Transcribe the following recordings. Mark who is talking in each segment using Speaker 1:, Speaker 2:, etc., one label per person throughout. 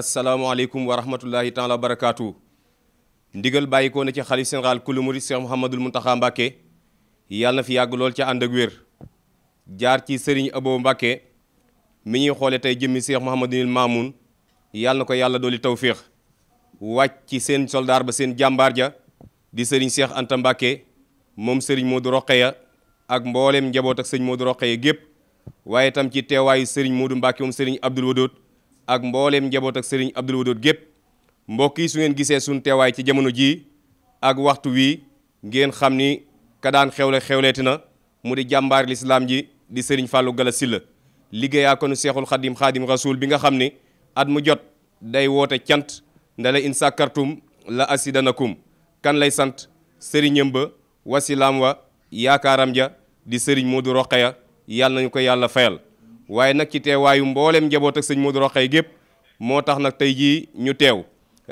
Speaker 1: asalaamualeykum wa rahmatullahi taala wa barakaatu ndigal bàyyi ko na ci xalif général kulu murid Cheikh Mouhamadul Mountakha yàlla fi yàgg lool ca ànd ak wér jaar ci sëriñ Abo Mbacké mi ñuy xoole tey jëmmi Cheikh Mouhamadul Mamoun yàlla ko yàlla dooli tawféex wàcc ci seen soldaar ba seen jàmbaar ja di sëriñ Cheikh Anta Mbacké moom Serigne Modou ya ak mbooleem njaboot ak sëñ Modou Rokhaya gépp waaye tam ci teewaayu sëriñ Modou Mbacké moom Serigne Abdoul ak mbooleem njaboot ak sëriñ Abdul Wadud gépp mbokk yi su ngeen gisee suñ teewaay ci jamono jii ak waxtu wii ngeen xam ni ka daan xewle xewleeti na mu di jàmbaar lislaam ji di sëriñ Fallou Gala Sylla liggéeyaa konu seexul xadim xaadim rasul bi nga xam ni at mu jot day woote cant nda la in sàkkartum la asidanakum kan lay sant sëriñam ba wasilaam wa yaakaaram ja di sëriñ Modou Rokhaya yàlla nañu ko yàlla fayal waaye nag ci teewaayu mbooleem njaboot ak sëñ Modou Rokhaya gépp moo tax nag tey jii ñu teew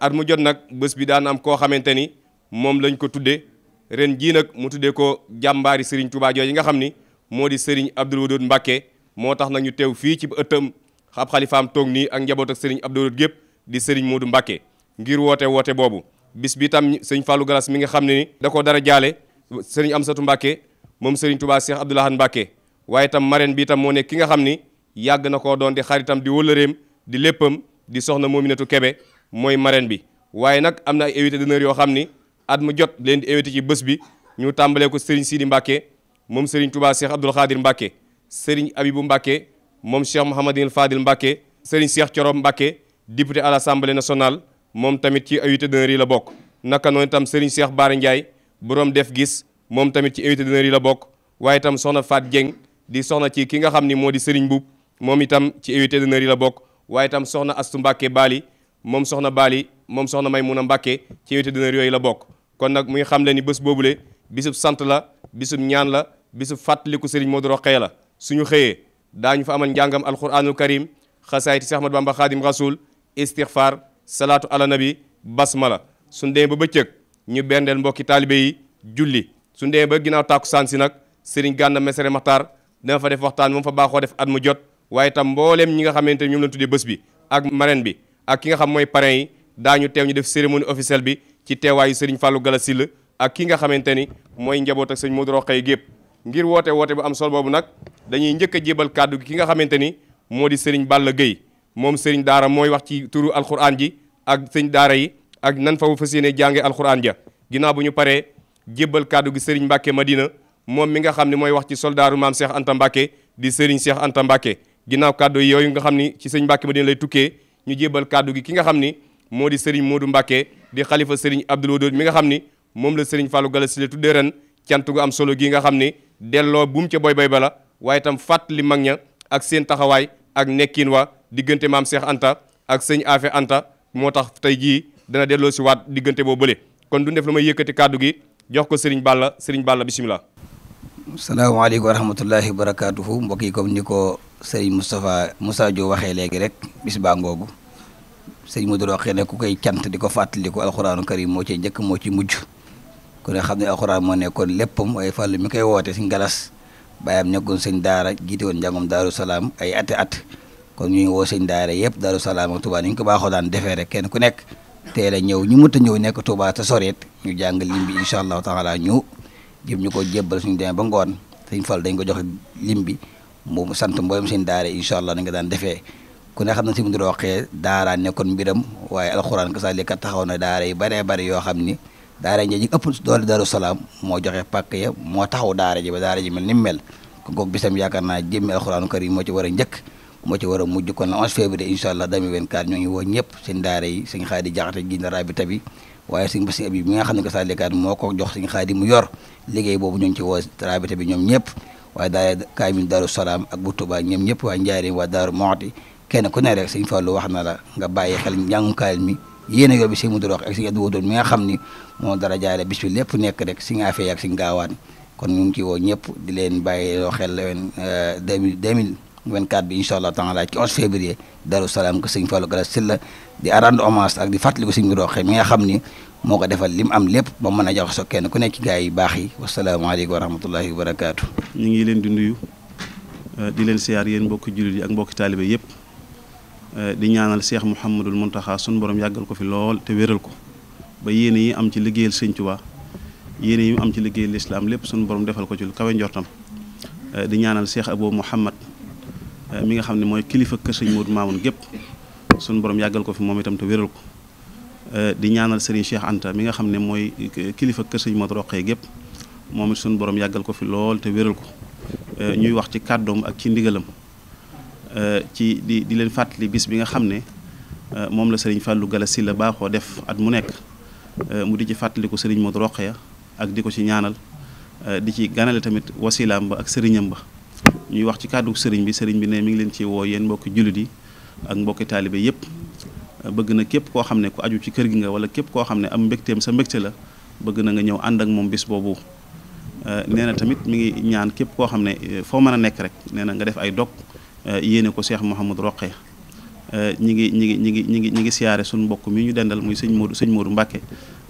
Speaker 1: at mu jot nag bés bi daan am koo xamante ni moom lañ ko tuddee ren jii nag mu tuddee ko jàmbaari Serigne Touba jooju nga xam ni moo di sëriñ Abdoul Wadoud Mbacké moo tax nag ñu teew fii ci ëttam ab xalifaam toog nii ak njaboot ak Serigne Abdoul gépp di Serigne Modou Mbacké ngir woote woote boobu bis bi tam sëñ Fallou Galas mi nga xam ne ni da dara jaale Serigne Amsatou Mbacké moom Serigne Touba Cheikh Abdoul Ahad Mbacké waaye tam marraine bi moo nekk ki nga xam ni yàgg na ko doon di xaritam di wëllëreem di léppam di soxna Mominatou Kebe mooy marraine bi waaye nag am na ay invité d'honneur yoo xam ni at mu jot leen di invité ci bés bi ñu tàmbalee ko Serigne Sidi Mbacke moom Serigne Touba Cheikh Abdoul Khadir Mbacke Serigne Abibou Mbacke moom Cheikh Mouhamadine Fadil Mbacke Serigne Cheikh Thioro Mbacke député à l'Assemblée national moom tamit ci invité d'honneur yi la bokk naka noonu itam Serigne Cheikh Bara Ndiaye borom def gis moom tamit ci invité yi la bokk waaye itam soxna Fat Dieng di soxna ci ki nga xam ni moo di Serigne Mboup moom itam ci invité d'honneur yi la bokk waaye itam soxna astu Mbàkke Baali moom soxna Baali moom soxna may Maymuna Mbàkke ci invité d'honneur yooyu la bokk kon nag muy xam le ni bés boobule bisub sant la bisu ñaan la bisub fàttaliku sëriñ Modou Rokhaya la suñu xëyee daañu fa amal njàngam alquranul karim xasaayiti si Ahmad Bamba xaadim rasul istixfar salaatu ala nabi basmala suñ demee ba bëccëg ñu bendeel mbokki taalibé yi julli su demee ba ginnaaw tàkkusaan si nag sëriñ Gànna Mesere Maxtaar dana fa def waxtaan moom fa baaxoo def at mu jot waaye tam mbooleem ñi nga xamante ñoom la tuddee bés bi ak marraine bi ak ki nga xam mooy parrain yi daañu teew ñu def cérémonie officielle bi ci teewaayu Serigne Fallou Gala Syll ak ki nga xamante ni mooy njaboot sëñ Modou gépp ngir woote woote bu am solo boobu nag dañuy njëkk a jébal kàddu gi nga xamante ni moo di Serigne Balla Gueye moom Serigne Daara mooy wax ci turu alxuraan ji ak sëñ Daara yi ak nan fa fas yéene jànge alxuraan ja ginaaw bu ñu paree jébbal kàddu gi Serigne Mbacke Madina moom mi nga xam ne mooy wax ci soldaaru maam Cheikh Anta Mbacke di Serigne Cheikh Anta Mbacke ginnaaw kàddu yooyu nga xam ni ci sëñ Mbàkke Madina lay tukkee ñu jébal kàddu gi ki nga xam ni moo di sëriñ Modou Mbàkke di xalifa sëriñ Abdoul Wadoud mi nga xam ni moom la sëriñ Fallou Galass Syll tuddee ren cant gu am solo gi nga xam ni delloo buum ca boy bay bala waaye itam fàttali mag ña ak seen taxawaay ak nekkin wa diggante maam Cheikh Anta ak sëñ Afe Anta moo tax tey jii dana delloo si waat diggante boo bële kon du def la may yëkkati kàddu gi jox ko sëriñ Balla sëriñ Balla bisimilah.
Speaker 2: salaamaaleykum wa rahmatullahi wa barakaatuhu mbokk yi comme ni ko sëriñ Moustapha Moussa joo waxee léegi rek bis baa ngoogu sëriñ Modou Rokhaya ku koy cant di ko fàttaliku alxuraanu karim moo ci njëkk moo ci mujj ku ne xam ne alxuraan moo nekkoon léppam waaye fàllu mi koy woote si ngalas bàyyam nekkoon sëñ daara jiite woon njàngom daaru salaam ay ati at kon ñu woo sëñ daara yëpp daaru salaam ak Touba ni ko baaxoo daan defee rek kenn ku nekk teel a ñëw ñu mut ñëw nekk Touba te soreet ñu jàng lim bi incha allahu taala ñu jëm ñu ko jébbal suñu demee ba ngoon sëñ fal dañ ko joxe lim bi mu sant mboolem seen daara incha allah nañ ko daan defee ku ne xam ne si mundu roqee daaraa nekkoon mbiram waaye alxuraan ka sax li kat taxaw na daara yi baree bari yoo xam ni daara ji ëpp doole Daaru Salaam moo joxe pàkk moo taxaw daara ji ba daara ji ni mu mel kon kooku bisam yaakaar naa jëmmi alxuraanu karim moo ci war a njëkk ci war a mujj kon la 11 février incha allah ngi woo ñëpp seen daara yi sëñ Xaadi Jaxate gi na rabita bi waaye sëñ nga xam ne ko sax moo ko jox sëñ Xaadi mu yor liggéey boobu ñoo ngi ci woo rabita bi ñoom ñëpp waa daara kaamil daaru salaam ak bu Tuubaa ñoom ñëpp waa njaareem waa daaru Moxti kenn ku ne rek sëñ Fallou wax na la nga bàyyi xel njàngum kaamil mi yéen a yóbbu sëñ Mudu Rox ak sëñ Abdu Wadoon mi nga xam ni moo dara jaare bis bi lépp nekk rek si nga fee ak si gaawaan kon ñu ngi ci woo ñëpp di leen bàyyi loo xel leen 2000 2000 24 bi incha allah taala ci 11 février Darou Salaam ko sëñ Fallou Galass Sylla di rendre hommage ak di fàttali ko sëñ bi roxe mi nga xam ni moo ko defal lim am lépp ba mën a jox so kenn ku nekk ci gars yi baax yi wasalaamaaleykum wa rahmatullahi wa barakaatu. ñu ngi leen di nuyu euh, di leen siyaar yéen mbokki jullit yi ak mbokki taalibe yëpp euh, di
Speaker 3: ñaanal Cheikh Mouhamadul Mountakha sunu borom yàggal ko fi lool te wéral ko ba yéen yi am ci liggéeyal sëñ Tuubaa yéen yi am ci liggéeyal lislaam lépp sunu borom defal ko ci lu kawe njortam euh, di ñaanal Cheikh Abou Mouhamad. mi nga xam ne mooy kilifa kër sëñ Modou Mamoun gépp suñu borom yàggal ko fi moom itam te wéral ko eh, di ñaanal Serigne Cheikh Anta mi nga xam ne mooy kilifa kër sëñ Modou gépp moom it suñu borom yàggal ko fi lool te wéral ko eh, ñuy wax ci kàddoom ak ci ndigalam eh, ci di di leen fàttali bis bi nga xam ne moom la Serigne Fallou Gala Sylla baaxoo def at mu nekk mu di ci fàttaliku Serigne Modou Rokhaya ak di ko ci ñaanal di ci ganale tamit wasilaam ba ak sëriñam ba ñuy wax ci kàddu sëriñ bi sëriñ bi ne mi ngi leen ci woo yéen mbokki jullit yi ak mbokki taalibe yépp bëgg na képp koo xam ne ko aju ci kër gi nga wala képp koo xam ne am mbégteem sa mbégte la bëgg na nga ñëw ànd ak moom bis boobu eh, nee na tamit mu ngi ñaan képp koo xam ne eh, foo mën a nekk rek nee na nga def ay dog eh, yéene ko Cheikh Mouhamadou Roqe ñi ngi ñi ngi ñi ngi ñi ngi ñi ngi siyaare suñu mbokk mi ñu dendal muy sëñ Modou sëñ Modou Mbacke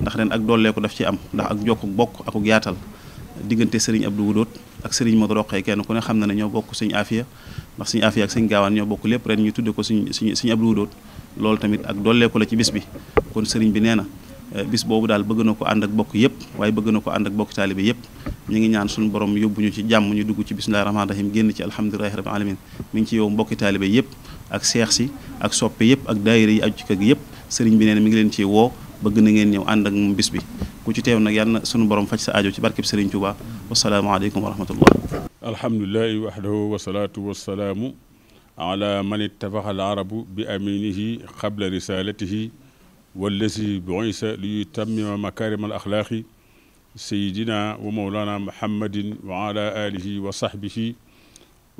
Speaker 3: ndax ren ak doolee ko daf ci am ndax ak jokk bokk akuk yaatal diggante sëriñ ab Abdou Wudoot ak sëriñ Modou Roqee kenn ku ne xam na ne ñoo bokk sëñ Afia ndax sëñ Afia ak sëñ Gaawaan ñoo bokk lépp ren ñu tudde ko sëñ sëñ sëñ Abdou Wudoot loolu tamit ak dolleeku la ci bis bi kon sëriñ bi nee na eh, bis boobu daal bëgg na ko ànd ak bokk yëpp waaye bëgg na ko ànd ak bokk taalibe yëpp ñu ngi ñaan suñu borom yóbbu ñu ci jàmm ñu dugg ci bismillahi rahmaani rahim génn ci alhamdulilahi rabbil alamin mi ngi ci yow mbokki taalibe yëpp ak seex si ak soppe yëpp ak daayira yi aju ci yëpp sëriñ bi nee mi ngi leen ci woo bëgg na ngeen ñëw ànd ak moom bis bi ku ci teew nag yal na sunu borom faj sa aajo ci barkeb Serigne Touba wasalaamaaleykum wa rahmatullah
Speaker 4: alhamdulilahi wahdahu wasalaatu wasalaamu ala man ittafaxa al arabu bi aminihi qabla risalatihi wallazi buisa li yutammima makarima al axlaaqi sayidina wa mawlana muhammadin wa ala alihi wa sahbihi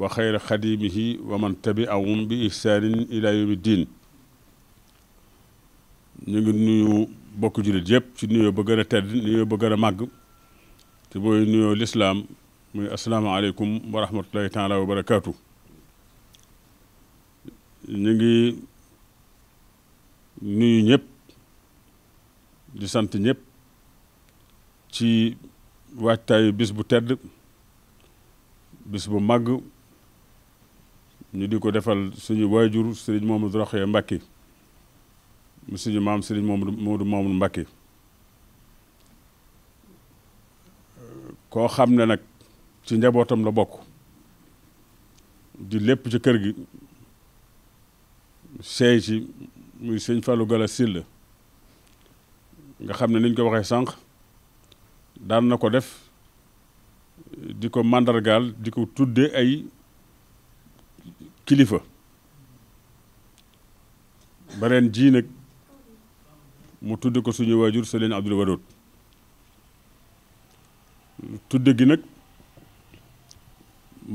Speaker 4: wa xayra xadimihi wa man tabiahum bi ihsanin ila yawmi ddin ñu ngi nuyu bokk jullit yëpp ci nuyoo ba gën a tedd nuyoo ba gën a màgg te booy nuyoo lislaam muy asalaamaaleykum wa rahmatullahi taala barakaatu ñu ngi nuyu ñëpp di sant ñëpp ci waajtaayu bis bu tedd bis bu màgg ñu di ko defal suñu waajur sëriñ Mamadou Rokhaya Mbacké mu suñu maam Serigne Modou Mamoune Mbacké koo xam ne nag ci njabootam la bokk di lépp ci kër gi seey ci muy sëñ Fallou Gala Sylla nga xam ne niñ ko waxee sànq daan na ko def di ko màndargaal di ko tudde ay kilifa bareen ji nag mu tudd ko suñu waajur Sëriñ Abdul Wadoud tudd gi nag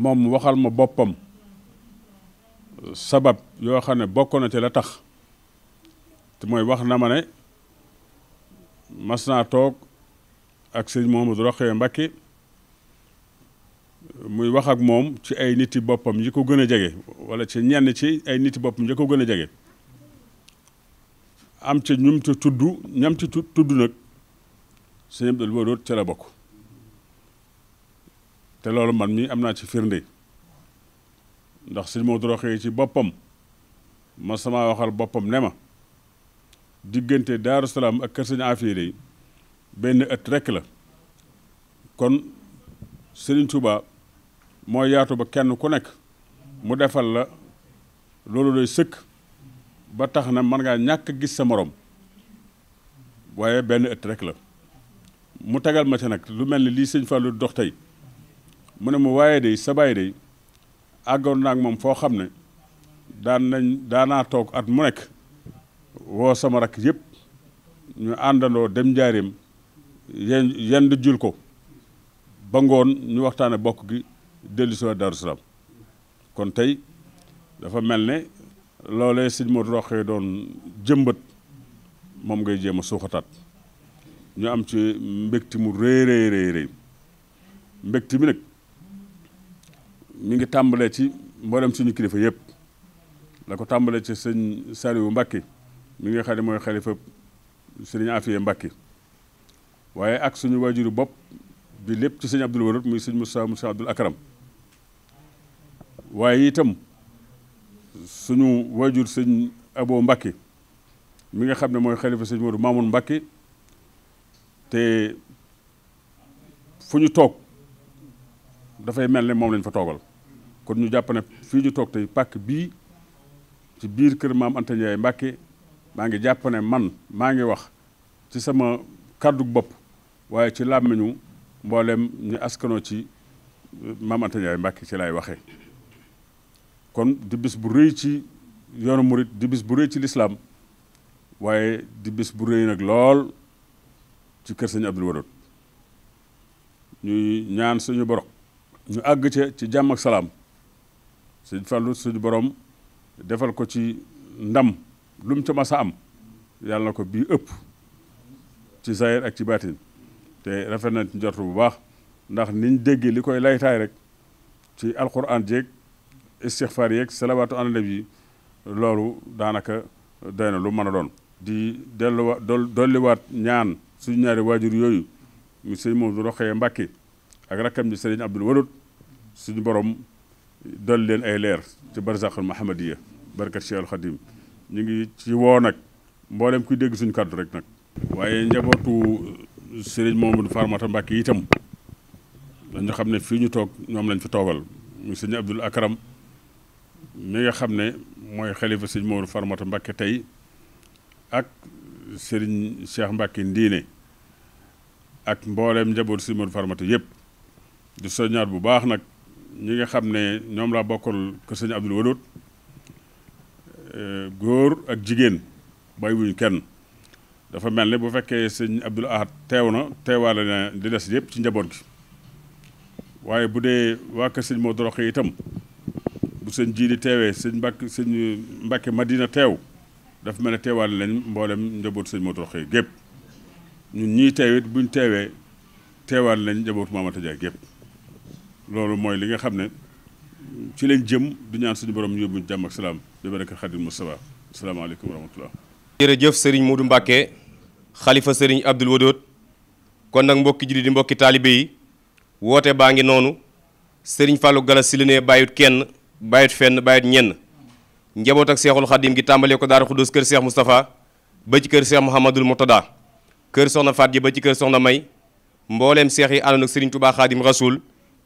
Speaker 4: moom waxal ma boppam sabab yoo xam ne bokk na ci la tax te mooy wax na ma ne mas naa toog ak sëñ Mouhamadou Rokhaya Mbacké muy wax ak moom ci ay niti boppam yi ko gën a jege wala ci ñenn ci ay niti boppam yi ko gën a jege am ca ñum ca tudd ñam ci tudd nag sëñ Abdul Wadood ca la bokk te loolu man mii am naa ci firnde ndax sëñ Maodo Roxee ci boppam ma sama waxal boppam ne ma diggante Daaru Salaam ak kër sëñ Afia day benn ëtt rekk la kon Sëriñ Tuubaa moo yaatu ba kenn ku nekk mu defal la loolu lay sëkk ba tax na mën ngaa ñàkk gis sa morom waaye benn ëtt rek la mu tegal ma ci nag lu mel ni lii sëñ Fallou dox tey mu ne ma waaye day sa baay day àggoon naa moom foo xam ne daan nañ daanaa toog at mu nekk woo sama rakk yépp ñu àndandoo dem njaareem yen yendu jul ko ba ngoon ñu waxtaane bokk gi dellu si kon tey dafa mel ne loolee sëñ Modou Rokhaya doon jëmbat moom ngay jéem a suuxataat ñu am ci mbégti mu rëy rëy rëy rëy mbégti mi nag mi ngi tàmbalee ci mboolem suñu kilifa yëpp la ko tàmbalee ci sëñ sariwu Mbacké mu ngi xam mooy xalifa sëriñ Afiyé Mbacké waaye ak suñu waajuru bopp bi lépp ci sëñ Abdoul Warad muy sëñ Moussa Moussa Abdoul Akram waaye itam suñu waajur sëñ Abo Mbakke mi nga xam ne mooy xalifa sëñ Modou Mamoun Mbakke te fu ñu toog dafay mel ne moom lañ fa toogal kon ñu jàpp ne fii ñu toog tey pàkk bii ci biir kër maam Anta Ndiaye Mbakke maa ngi jàpp ne man maa ngi wax ci sama kàddu bopp waaye ci làmmiñu mboolem ñu askanoo ci maam Anta Ndiaye Mbakke ci lay waxee. kon di bu rëy ci yoonu murit di bu rëy ci lislaam waaye di bu rëy nag lool ci kër sëñ Abdul Wadoud ñuy ñaan suñu borom ñu àgg ca ci jàmm ak salaam sëñ Fallou suñu borom defal ko ci ndam lum mu ca mas am yàlla ko bii ëpp ci sayir ak ci baatin te rafet na ci njort bu baax ndax niñ déggee li koy laytaay rek ci alquran jeeg istixfaar yeeg salawaatu ala nabi loolu daanaka doy lu mën a doon di delluwa dolliwaat ñaan suñu ñaari waajur yooyu mu sëñ Moodu Roxaya Mbàkke ak rakkam ji sëriñ Abdul Wadud suñu borom dolli leen ay leer ci barzaxul mahamadiya barkat Cheikh al ñu ngi ci woo nag mboolem kuy dégg suñu kàddu rek nag waaye njabootu moom Mamadou Farmata Mbàkke itam dañu xam ne fii ñu toog ñoom lañ fi toogal mu sëñ Abdul Akram mi nga xam ne mooy xalifa sëñ Moodu Farmata Mbàkke tey ak sëriñ Cheikh Mbàkke Ndiine ak mbooleem njaboot sëñ Moodu Farmata yëpp du soññaat bu baax nag ñi nga xam ne ñoom laa bokkoon kër sëñ Abdul Wadoot eh, góor ak jigéen bay wuñu kenn dafa mel ne bu fekkee sëñ Abdul Ahad teew na teewaale na di des yëpp ci njaboot gi waaye bu dee waa kër sëñ Moodu Roxe itam bu sëñ jiili teewee sëñ Mbàkke sëñ Mbàkke Madina teew dafa mel ne teewaale lañ mboolem njaboot sëñ Moodu Rokhaya gépp ñun ñii teew buñ teewee teewaale lañ njaboot Maamata Jaay gépp loolu mooy li nga xam ne ci leen jëm du ñaan suñu borom ñu yóbbuñ jàmm ak salaam bi baraka Xadim Mustafa asalaamaaleykum
Speaker 1: wa rahmatullah jërëjëf sëriñ Moodu Mbàkke xalifa sëriñ Abdul Wadoot kon nag mbokki jullit di mbokki taalibe yi woote baa ngi noonu sëriñ Fallou Galass Syll ne bàyyut bàyyit fenn bàyyit ñenn njaboot ak seexul xadim gi tàmbalee ko daara xudus kër seex Moustapha ba ci kër seex Mouhamadul Moutada kër soxna Faat ji ba ci kër soxna May mbooleem seex yi àndoon ak Serigne Touba Xadim Rasoul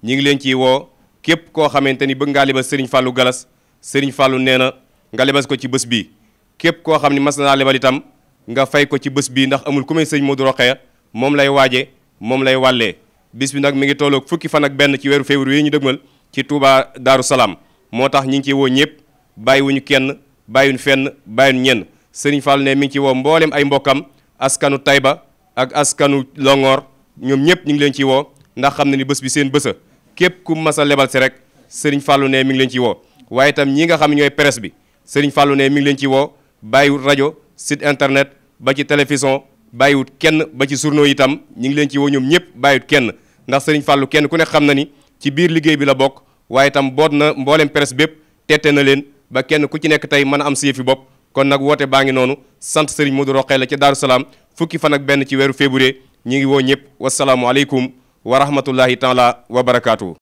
Speaker 1: ñu ngi leen ciy woo képp koo xamante ni bëgg ngaa lebal Serigne Fallou Galas Serigne Fallou nee na nga lebal ko ci bés bi képp koo xam ne mas naa lebal itam nga fay ko ci bés bi ndax amul ku may sëñ Modou Rokhaya moom lay waaje moom lay wàllee bis bi nag mi ngi tolloog fukki fan ak benn ci weeru février yi ñu dëgmal ci Touba Daaru Salaam moo tax ñi ngi ciy woo ñëpp bàyyiwuñu kenn bàyyiwuñu fenn bàyyiwuñu ñenn sëriñ Fall ne mi ngi ci woo mboolem ay mbokkam askanu Tayba ak askanu Longoor ñoom ñëpp ñu ngi leen ciy woo ndax xam na ni bés bi seen bésa képp ku mas a lebal si rek sëriñ Fallu ne mi ngi leen ciy woo waaye itam ñi nga xam ñooy presse bi sëriñ Fallu ne mi ngi leen ciy woo bàyyiwut rajo site internet ba ci télévision bàyyiwut kenn ba ci journaux itam ñu ngi leen ci woo ñoom ñëpp bàyyiwut kenn ndax sëriñ Fallu kenn ku ne xam na ni ci biir liggéey bi la bokk waaye itam boot na mboolem presse bépp tette na leen ba kenn ku ci nekk tey mën a am si yëfi bopp kon nag woote baa ngi noonu sant Serigne Modou Rokhaya la ca Daaru Salaam fukki fan ak benn ci weeru février ñu ngi woo ñëpp wasalaamualeykum wa rahmatullahi taala wa barakaatu.